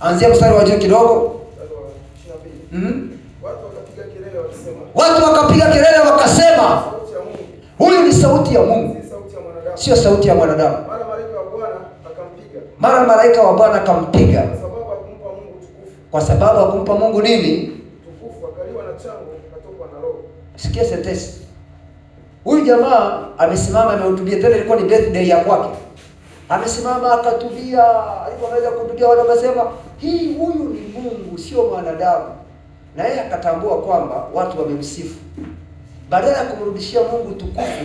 anzia mstari wa juu kidogo. Hmm? Watu wakapiga kelele wakasema, huyu ni sauti ya Mungu, sio sauti ya mwanadamu. Mara malaika wa Bwana akampiga kwa sababu hakumpa Mungu nini? Sikia sentensi. Huyu jamaa amesimama amehutubia, tena ilikuwa ni birthday ya kwake Amesimama akatubia, alikuwa anaweza kutubia watu wakasema, hii huyu ni Mungu sio mwanadamu, na yeye akatambua kwamba watu wamemsifu. Badala ya kumrudishia Mungu tukufu,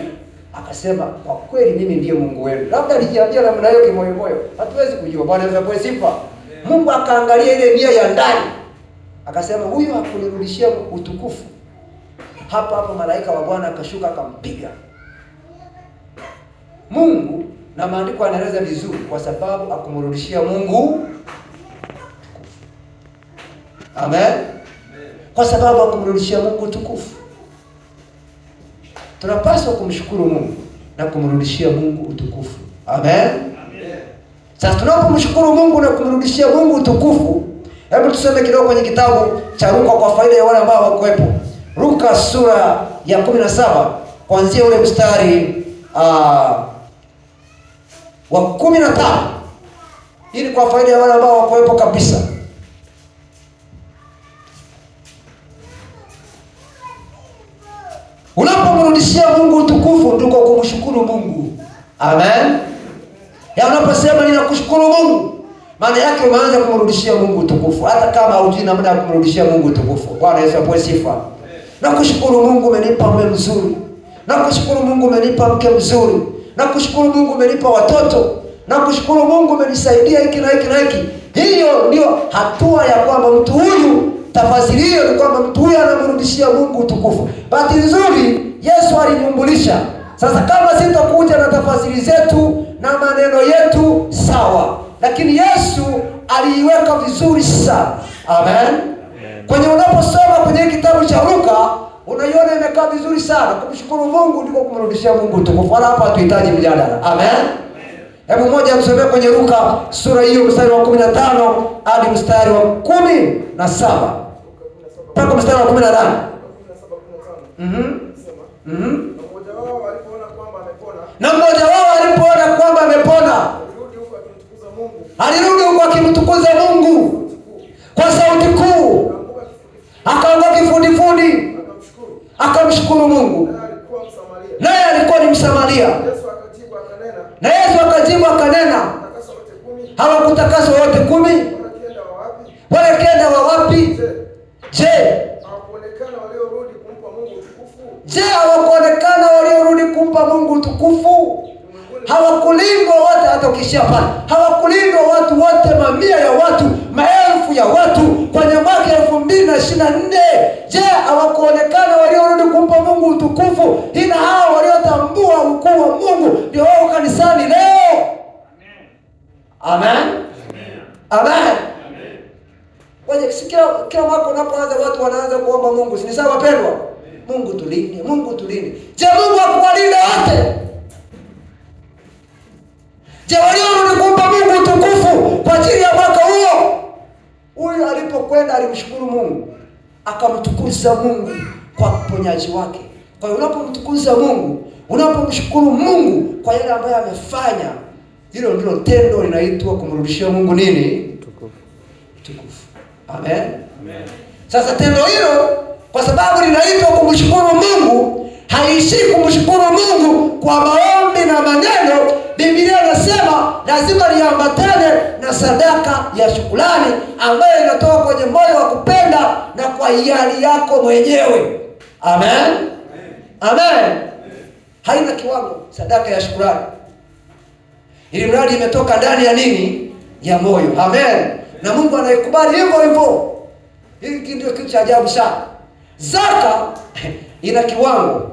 akasema kwa kweli mimi ndiye Mungu wenu. Labda alijiambia namna hiyo kimoyo moyo, hatuwezi kujua. Bwana anaweza apewe sifa. Mungu akaangalia ile nia ya ndani, akasema huyu hakunirudishia utukufu. Hapa hapo malaika wa Bwana akashuka akampiga Mungu na maandiko anaeleza vizuri, kwa sababu akumrudishia Mungu. Amen, kwa sababu akumrudishia Mungu utukufu. Tunapaswa kumshukuru Mungu na kumrudishia Mungu utukufu. Amen, Sasa tunapomshukuru Mungu na kumrudishia Mungu utukufu, hebu tuseme kidogo kwenye kitabu cha Luka kwa faida ya wale ambao hawakuwepo. Luka sura ya 17 kuanzia ule mstari uh, wa kumi na tano ili kwa faida ya wale ambao wakuwepo kabisa. Unapomrudishia Mungu utukufu ndiko kumshukuru Mungu. Amen. Ya unaposema ninakushukuru Mungu, maana yake umeanza kumrudishia Mungu utukufu, hata kama hujui namna ya kumrudishia Mungu utukufu. Bwana Yesu apewe sifa. Nakushukuru Mungu, umenipa mume mzuri. Nakushukuru Mungu, umenipa mke mzuri na kushukuru Mungu umenipa watoto na kushukuru Mungu umenisaidia hiki na hiki na hiki. Hiyo ndio hatua ya kwamba mtu huyu, tafasiri hiyo ni kwamba mtu huyu anamrudishia Mungu utukufu. Bahati nzuri Yesu alinyumbulisha. Sasa kama sitakuja na tafasiri zetu na maneno yetu sawa, lakini Yesu aliiweka vizuri sana. Amen, amen. Kwenye unaposoma kwenye kitabu cha Luka unaiona imekaa vizuri sana. Kumshukuru Mungu ndiko kumrudishia Mungu utukufu, wala hapa tuhitaji mjadala. Amen, hebu moja tusomee kwenye Luka sura hiyo mstari wa 15 hadi mstari wa 17. mpaka mstari wa 18. Mhm, mhm. Na mmoja wao alipoona kwamba amepona, alirudi huko akimtukuza Mungu, alirudi huko akimtukuza kumshukuru Mungu, naye alikuwa ni Msamaria. Na Yesu akajibu akanena, hawakutakaswa wote kumi? Wale kenda wa wapi? Je, je hawakuonekana waliorudi kumpa Mungu utukufu? Hawakulindwa wote, hata ukishia pale, hawakulindwa watu wote, mamia ya Amen. Wewe sikia kila mwaka unapoanza watu wanaanza kuomba Mungu. Si sawa pendwa? Mungu tulinde, Mungu tulinde. Je, Mungu akuwalinda wote? Je, walio walikupa Mungu utukufu kwa ajili ya mwaka huo? Huyu alipokwenda alimshukuru Mungu. Akamtukuza Mungu kwa uponyaji wake. Kwa hiyo unapomtukuza Mungu, unapomshukuru Mungu kwa yale ambayo amefanya, hilo ndilo tendo linaitwa kumrudishia Mungu nini? mtukufu. Amen. Amen. Sasa tendo hilo kwa sababu linaitwa kumshukuru Mungu, haishii kumshukuru Mungu kwa maombi na maneno. Biblia inasema lazima liambatane na sadaka ya shukrani ambayo inatoka kwenye moyo wa kupenda na kwa hiari yako mwenyewe. Amen. Amen. Amen. Amen. Haina kiwango sadaka ya shukrani, ili mradi imetoka ndani ya nini? Ya moyo. Amen na Mungu anaikubali hivyo hivyo. Hiki ndio kitu cha ajabu sana. Zaka ina kiwango.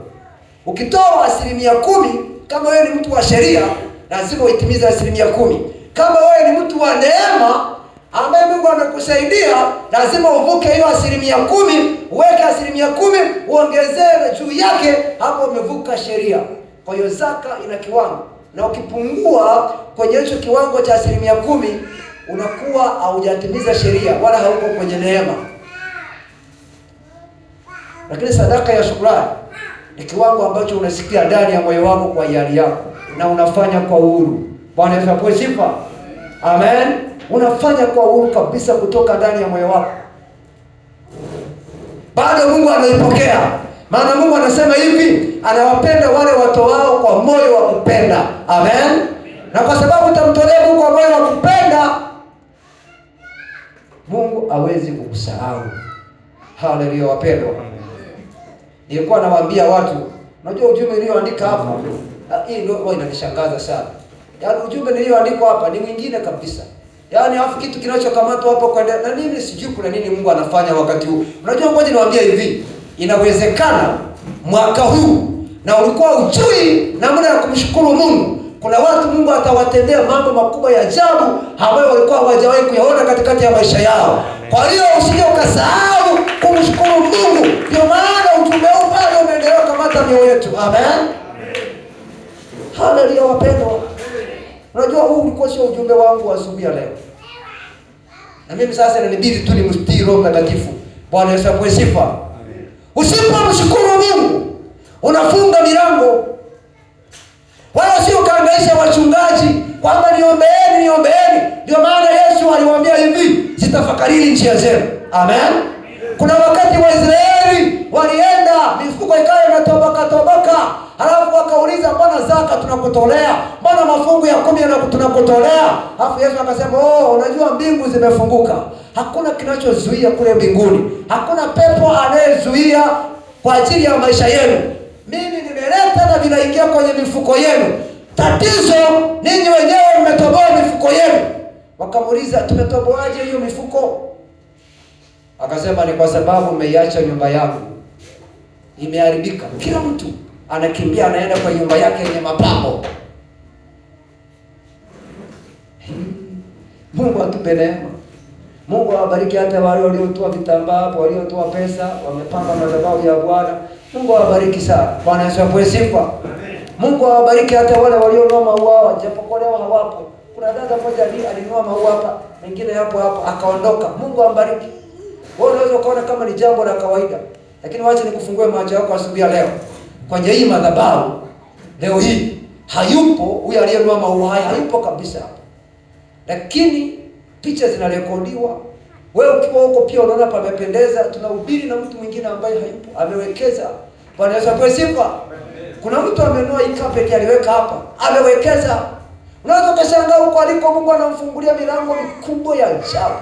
Ukitoa asilimia kumi, kama wewe ni mtu wa sheria, lazima uitimize asilimia kumi. Kama wewe ni mtu wa neema ambaye Mungu amekusaidia, lazima uvuke hiyo asilimia kumi, uweke asilimia kumi, uongezee juu yake, hapo umevuka sheria. Kwa hiyo zaka ina kiwango, na ukipungua kwenye hicho kiwango cha asilimia kumi unakuwa haujatimiza sheria wala hauko kwenye neema. Lakini sadaka ya shukrani ni kiwango ambacho unasikia ndani ya moyo wako kwa hiari yako na unafanya kwa uhuru. Bwana Yesu apewe sifa, amen. Unafanya kwa uhuru kabisa kutoka ndani ya moyo wako, bado Mungu anaipokea. Maana Mungu anasema hivi, anawapenda wale watoao kwa moyo wa kupenda. Amen. Na kwa sababu utamtolea Mungu kwa moyo wa kupenda Mungu hawezi kukusahau. Haleluya wapendwa. Nilikuwa nawaambia watu, unajua ujumbe nilioandika hapo, hii ndio huwa inanishangaza sana. Yaani ujumbe nilioandika hapa ni mwingine kabisa. Yaani afu kitu kinachokamata hapo kwa na nini sijui kuna nini Mungu anafanya wakati huu. Unajua ngoja niwaambie hivi, inawezekana mwaka huu na ulikuwa ujui namna ya kumshukuru Mungu kuna watu Mungu atawatendea mambo makubwa ya ajabu ambayo walikuwa hawajawahi kuyaona katikati ya maisha yao. Kwa hiyo usije ukasahau kumshukuru Mungu. Ndio maana utume huu bado umeendelea kukamata mioyo yetu. Amen. Haleluya wapendwa. Unajua huu ulikuwa sio ujumbe wangu wa asubuhi ya leo. Na mimi sasa nilibidi tu nimtii Roho Mtakatifu. Bwana Yesu apewe sifa. Usipomshukuru Mungu unafunga milango wala si ukaangaisha wachungaji kwamba niombeeni, niombeeni. Ndio maana Yesu aliwaambia hivi, zitafakarini njia zenu. Amen. Kuna wakati Waisraeli walienda mifuko ikawa inatobaka tobaka, halafu wakauliza, mbona zaka tunakutolea, mbona mafungu ya kumi tunakutolea? Alafu Yesu akasema, oh, unajua mbingu zimefunguka, hakuna kinachozuia kule mbinguni, hakuna pepo anayezuia kwa ajili ya maisha yenu mimi nimeleta na vinaingia kwenye mifuko yenu. Tatizo ninyi wenyewe mmetoboa mifuko yenu. Wakamuuliza, tumetoboaje hiyo mifuko? Akasema, ni kwa sababu mmeiacha nyumba yangu imeharibika. Kila mtu anakimbia anaenda kwa nyumba yake yenye mapambo. Hmm. Mungu atupe neema. Mungu awabariki hata wale waliotoa vitambaa hapo, waliotoa pesa, wamepanga madhabahu ya Bwana. Mungu awabariki sana. Bwana Yesu apewe sifa. Mungu awabariki hata wale walionua maua, japokuwa leo hawapo. Kuna dada moja alinunua maua hapa, mengine hapo hapo akaondoka. Mungu ambariki. Wewe unaweza ukaona kama ni jambo la kawaida, lakini wacha nikufungue macho yako asubuhi ya leo kwenye hii madhabahu leo hii hayupo huyu aliyenunua maua haya, hayupo kabisa hapa, lakini picha zinarekodiwa. Wewe ukiwa huko pia unaona pamependeza, tunahubiri na mtu mwingine ambaye hayupo, amewekeza. Bwana Yesu apewe sifa. Kuna mtu amenua hii carpet aliweka hapa, amewekeza. Unaweza ukashangaa huko aliko Mungu anamfungulia milango mikubwa ya ajabu.